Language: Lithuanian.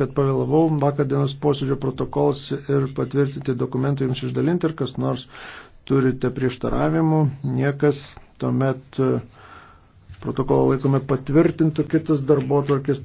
kad pavėlavau vakar dienos posėdžio protokols ir patvirtinti dokumentai jums išdalinti ir kas nors turite prieštaravimų, niekas tuomet e, protokolą laikome patvirtintų kitas darbo tvarkės.